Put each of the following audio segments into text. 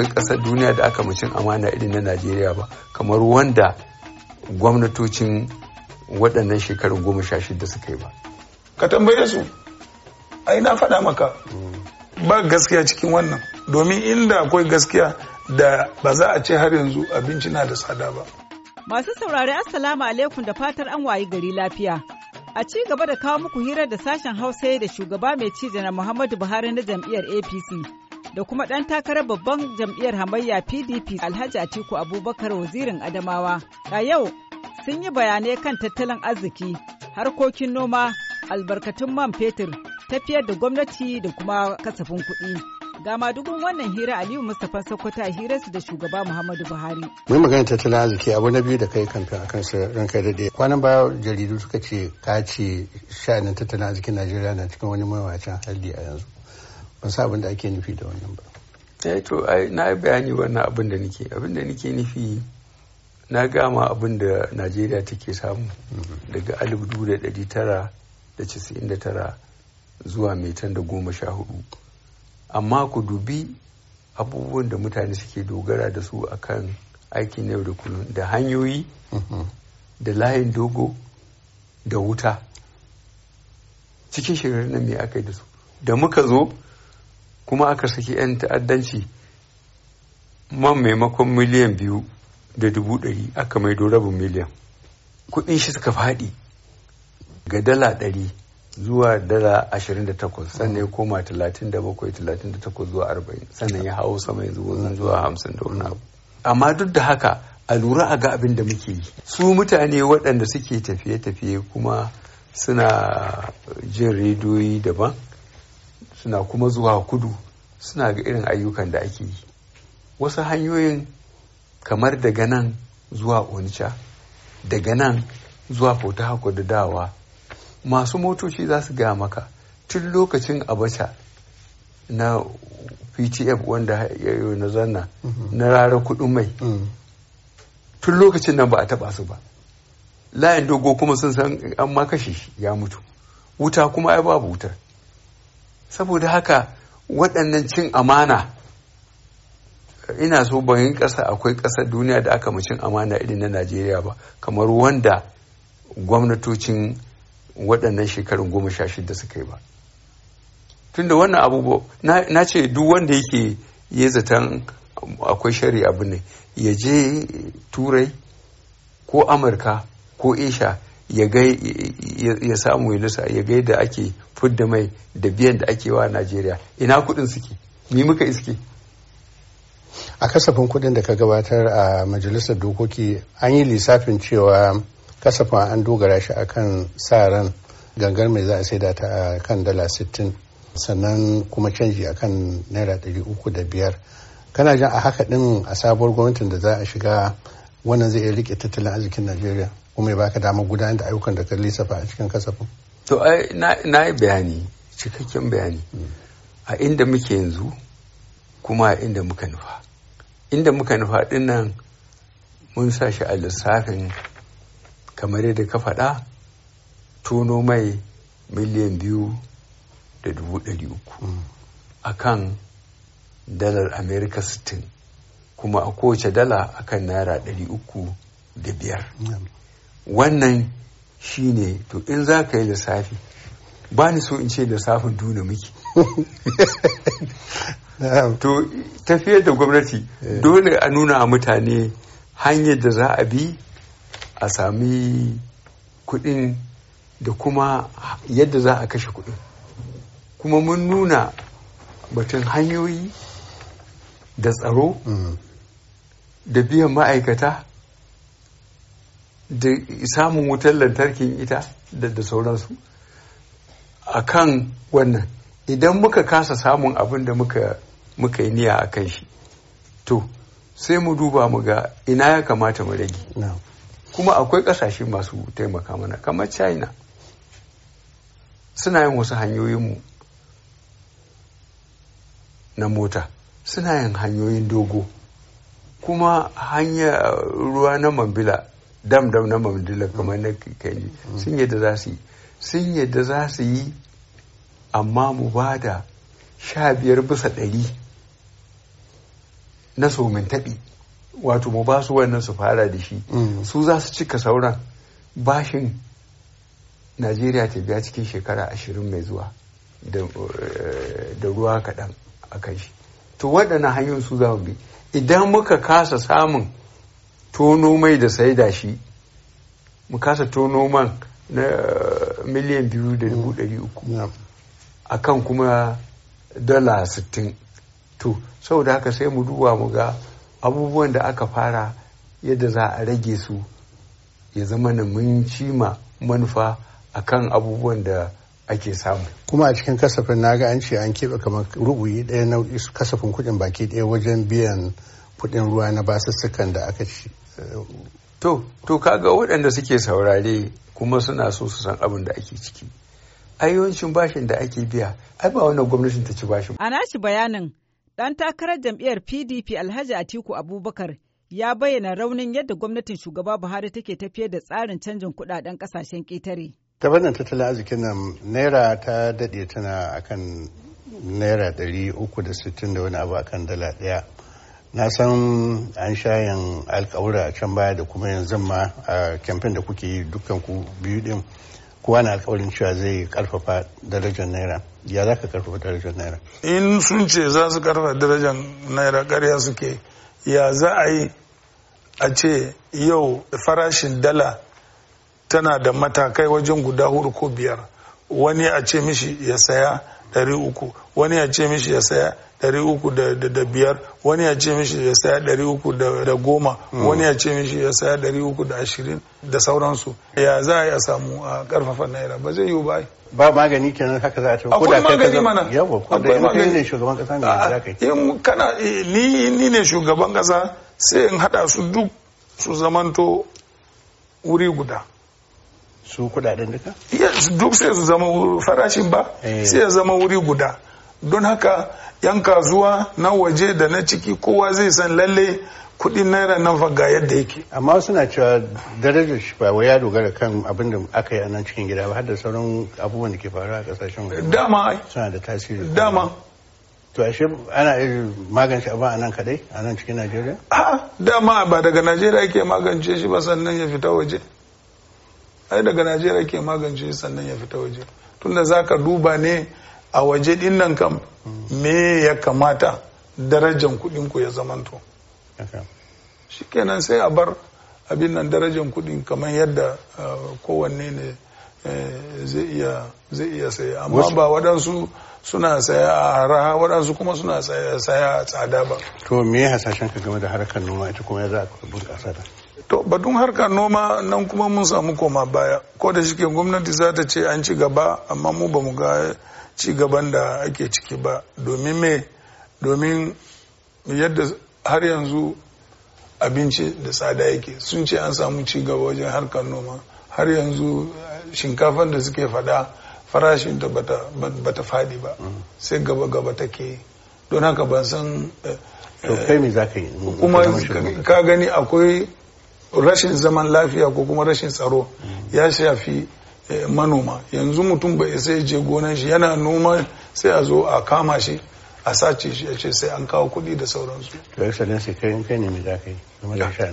akwai ƙasar duniya da aka mucin amana irin na najeriya ba kamar wanda gwamnatocin waɗannan shekarun goma sha shida suka yi ba ka tambaye su ai na faɗa maka mm. ba gaskiya cikin wannan domin inda akwai gaskiya da ba za a ce har yanzu abinci na da tsada ba masu saurari assalamu alaikum da fatar an wayi gari lafiya A ci gaba da kawo muku hirar da sashen Hausa da shugaba mai ci janar Muhammadu Buhari na jam'iyyar APC da kuma ɗan takarar babban jam'iyyar hamayya PDP Alhaji Atiku Abubakar wazirin Adamawa. A yau sun yi bayanai kan tattalin arziki, harkokin noma, albarkatun man fetur, tafiyar da gwamnati da kuma kasafin kuɗi. ga madugun wannan hira aliyu mustapha sokoto a hirarsu da shugaba muhammadu buhari mai magana tattalin arziki abu na biyu da kai kamfen a kansa ranka ɗaya. kwanan baya jaridu suka ce ka ce sha'anin tattalin arzikin najeriya na cikin wani mawacin hali a yanzu ban sa abin da ake nufi da wannan ba eh to ai na bayani wannan abin da nake abin da nake nufi na gama abin da najeriya take samu mm-hmm. daga 1999 zuwa metan da goma sha hudu amma ku dubi abubuwan da mutane suke dogara da su akan aikin yau da kullum da hanyoyi mm-hmm. da layin dogo da wuta cikin shirin nan me aka yi da su da muka zo kuma aka saki 'yan ta'addanci man maimakon miliyan biyu da dubu ɗari aka maido rabin miliyan kuɗin shi suka faɗi ga dala ɗari zuwa dala ashirin da takwas sannan ya koma talatin da bakwai talatin da takwas zuwa arba'in sannan ya hau sama yanzu wajen zuwa hamsin da wani abu amma duk da haka a lura a ga abin da muke yi su mutane waɗanda suke tafiye-tafiye kuma suna jin rediyoyi daban suna kuma zuwa kudu suna ga irin ayyukan da ake yi wasu hanyoyin kamar daga nan zuwa onitsha daga nan zuwa fota hako da dawa masu motoci za su gaya maka tun lokacin abacha na ptf wanda ya na zanna mm-hmm. na rara kudin mai mm. tun lokacin nan ba a taba su ba layin dogo kuma sun san an ma kashe shi ya mutu wuta kuma ai babu wutar saboda haka waɗannan cin amana ina so bayan ƙasa akwai ƙasar duniya da aka cin amana irin na najeriya ba kamar wanda gwamnatocin waɗannan shekarun goma sha shida suka yi ba tunda wannan abubuwa na ce duk wanda yake ya zaton akwai shari'a abu ne ya je turai ko amurka ko isha ya ya samu ya ya gai da ake fudda mai da biyan da ake wa Najeriya ina kudin suke mi muka iske a kasafin kuɗin da ka gabatar a majalisar dokoki an yi lissafin cewa kasafin an dogara shi akan sa ran gangar mai za a saida ta a kan dala 60 sannan kuma canji a kan naira 305 kana jan a haka din a sabuwar gwamnatin da za a shiga wannan zai iya rike tattalin arzikin najeriya kuma ya baka damar gudanar da ayyukan da ka lissafa a cikin kasafin to na yi bayani cikakken bayani hmm. a inda muke yanzu kuma a inda muka nufa inda muka nufa dinnan mun sa shi a lissafin kamar yadda ka faɗa tono mai miliyan biyu da dubu ɗari uku hmm. a kan dalar amerika sittin kuma a kowace dala akan naira ɗari uku da biyar hmm. wannan shi ne to in za ka yi lissafi ba ni so in ce lissafin duna miki to tafiyar da gwamnati eh. dole a nuna a mutane hanyar da za a bi a sami kudin da kuma yadda za a kashe kudin kuma mun nuna batun hanyoyi da tsaro mm. da biyan ma'aikata da samun wutar lantarkin ita da sauransu a kan wannan idan muka kasa samun abin da muka yi niyya a kan shi to sai mu duba mu ga ina ya kamata mu rage kuma akwai kasashe masu taimaka mana kamar china suna yin wasu hanyoyinmu na mota suna yin hanyoyin dogo kuma hanyar ruwa na mambila dam dam na mamdila kamar na kaji sun yadda za su yi sun yadda za su yi amma mu ba da sha biyar bisa ɗari na somin taɓi wato mu ba su wannan su fara da shi mm. su za su cika sauran bashin najeriya ta biya cikin shekara ashirin mai zuwa eh, da ruwa kaɗan a kan shi to waɗannan hanyoyin su za mu bi idan muka kasa samun tono mai da sai da shi mu kasa tono man na eh, miliyan biyu da dubu ɗari uku mm. a kan kuma dala sittin to saboda haka sai mu duba mu ga abubuwan da aka fara yadda za a rage su ya zama na mun cima manufa a kan abubuwan da ake samu kuma a cikin kasafin na ga an ce an keɓe kamar rubuyi ɗaya na kasafin kuɗin baki ɗaya wajen biyan kuɗin ruwa na basussukan da aka ci to to kaga waɗanda suke saurare kuma suna so su san abin da ake ciki ayyancin bashin da ake biya ai ba wannan gwamnatin ta ci bashin a nashi bayanin dan takarar jam'iyyar PDP Alhaji Atiku Abubakar ya bayyana raunin yadda gwamnatin shugaba Buhari take tafiye da tsarin canjin kuɗaɗen kasashen ƙetare ta fannin tattalin arzikin nan naira ta dade tana akan naira ɗari uku da sittin da wani abu akan dala ɗaya na san an shayin alkawura can baya da kuma yanzu ma a kamfen da kuke yi dukkan ku biyu din kowa na alkawarin cewa zai karfafa darajar naira ya za ka karfafa darajar naira in sun ce za su karfafa darajar naira karya suke ya za a yi a ce yau farashin dala tana da matakai wajen guda hudu ko biyar wani a ce mishi ya saya ɗari uku wani ya ce mishi ya saya ɗari uku da biyar wani ya ce mishi ya saya ɗari uku da goma mm. wani ya ce mishi ya saya ɗari uku da ashirin da sauransu ya za a yi a samu a karfafa naira ba zai yiwu ba ba magani kenan haka za a tafi akwai magani mana yawa ko da magani ne shugaban kasa ne za ka yi kana ni ni ne shugaban kasa sai in hada su duk su zamanto wuri guda su kudaden duka duk sai su zama farashin ba eh. sai ya zama wuri guda don haka yan kazuwa na waje da na ciki kowa zai san lalle kudin naira nan fa ga yadda yake amma suna cewa darajar shi ba ya dogara kan abin da aka yi a nan cikin gida ba har da sauran abubuwan da ke faruwa a kasashen waje dama suna da tasiri dama to ashe ana magance abu a nan kadai a nan cikin najeriya a dama ba daga najeriya ke magance shi ba sannan ya fita waje ai daga najeriya ke magance sannan ya fita waje tunda za ka duba ne a waje dinnan kam me ya kamata darajan ku ya zamanto shikenan sai a bar abin nan darajan kudin kamar yadda eh, kowanne ne eh, zai iya saye amma ba waɗansu suna saya a raha waɗansu kuma suna saya a tsada ba to me hasashen ka game da harkar noma ita kuma ya za a bunƙasa da to batun harka noma nan kuma mun samu koma baya ko da shike gwamnati za ta ce an ci gaba amma mu ba mu ga ci gaban da ake ciki ba domin me domin yadda har yanzu abinci da tsada yake sun ce an samu ci gaba wajen harkar noma har yanzu eh, shinkafan da suke fada farashin ta bata faɗi ba mm. sai gaba gaba take don haka ban san eh, eh, kuma ka gani akwai rashin zaman lafiya ko kuma rashin tsaro ya shafi eh, manoma yanzu mutum bai sai je gonan shi yana noma sai a zo a kama shi a sace shi a ce sai an kawo kuɗi da sauransu. To excellency kai in kai ne mai zaka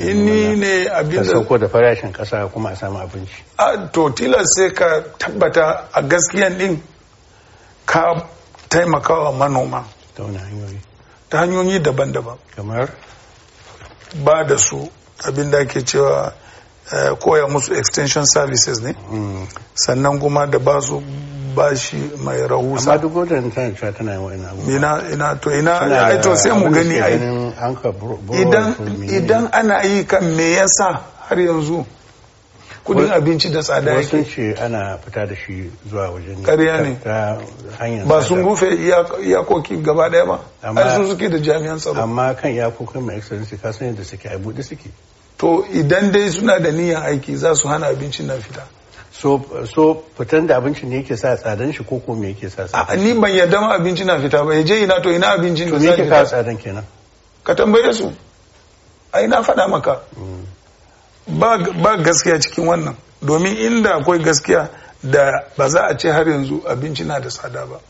yi. In ni ne abin da sauko da farashin kasa kuma a samu abinci. A to tilas sai ka tabbata a gaskiyan din ka taimakawa manoma. Ta wani hanyoyi. Ta hanyoyi daban-daban. Kamar? Ba da su abin da ake cewa eh, koya musu extension services ne hmm. sannan kuma da ba su bashi mai rahusa amma duk wajen tana cewa tana yin wa'ina ina ina to ina ai to sai mu gani ai idan idan ana yi kan me yasa har yanzu kudin abinci da tsada yake wasu ce ana fita da shi zuwa wajen Kariya ne ba sun rufe iyakoki gaba daya ba ai sun suke da jami'an tsaro amma kan iyakokin mai excellency ka san yadda suke a buɗe suke to idan dai suna da niyyar aiki za su hana abincin nan fita so fitan da abincin ne yake sa tsadan shi ko kuma yake sa tsadan ni ban yarda ma abinci na fita ba ya je ina to ina abincin da zai fita tsadan kenan ka tambaye su ai na faɗa maka mm. ba gaskiya cikin wannan domin inda akwai gaskiya da ba za a ce har yanzu abinci na da tsada ba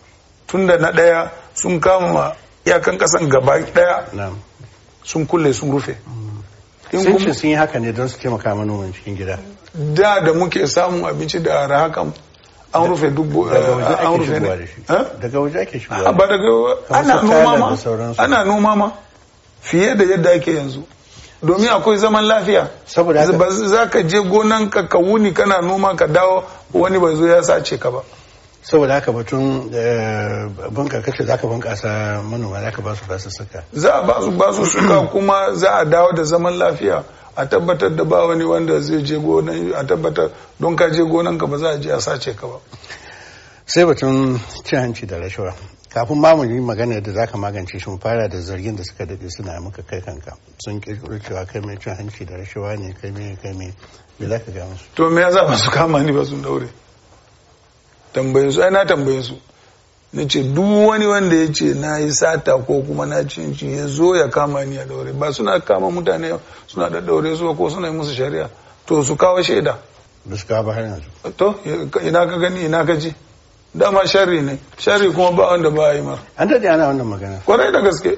tunda na ɗaya sun kama iyakan ƙasan gaba ɗaya sun kulle sun rufe sun ce sun yi haka ne don su taimaka manoman cikin gida da da muke samun abinci da ara hakan an rufe duk eh, an rufe ne eh? daga waje ake shigowa ah, ba daga ana noma ma ana noma ma fiye da yadda ake yanzu domin akwai zaman lafiya saboda ba za ka je gonan ka ka wuni kana noma ka dawo wani bai zo ya sace ka ba saboda haka batun eh, bunka kace za ka bunkasa manoma za ka ba su basu suka za a ba su basu suka kuma za a dawo da zaman lafiya a tabbatar da ba wani wanda zai je gonan a tabbatar don ka je gonan ka ba za a je a sace ka ba sai batun cin hanci da rashawa kafin ma mu yi magana da zaka magance shi mu fara da zargin da suka dade suna maka kai kanka sun kirkiro cewa kai mai cin hanci da rashawa ne kai mai kai mai me zaka ga musu to me yasa ba su kama ni ba sun daure tambayin su ai na tambayin su na ce duk wani wanda ya ce na yi sata ko kuma na cin cin ya zo ya kama ni a daure ba suna kama mutane suna da daure su ko suna yi musu shari'a to su kawo shaida ba su kawo ba har yanzu to ina ka gani ina ka ji dama sharri ne sharri kuma ba wanda ba yi mar an daɗe ana wannan magana kwarai da gaske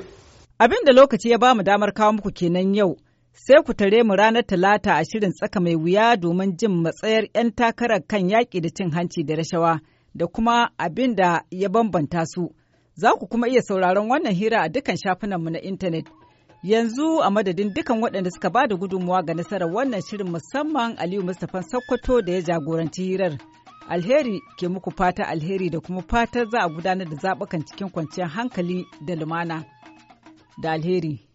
abin da lokaci ya ba mu damar kawo muku kenan yau sai ku tare mu ranar talata a shirin tsaka mai wuya domin jin matsayar 'yan takarar kan yaƙi da cin hanci da rashawa da kuma abin da ya bambanta su za ku kuma iya sauraron wannan hira a dukkan mu na intanet yanzu a madadin dukkan waɗanda suka ba da gudunmuwa ga nasarar wannan shirin musamman aliyu mustapha sokoto da ya jagoranci hirar Alheri ke muku fata alheri da kuma fatar za a gudanar da zaɓukan cikin kwanciyar hankali da lumana da alheri.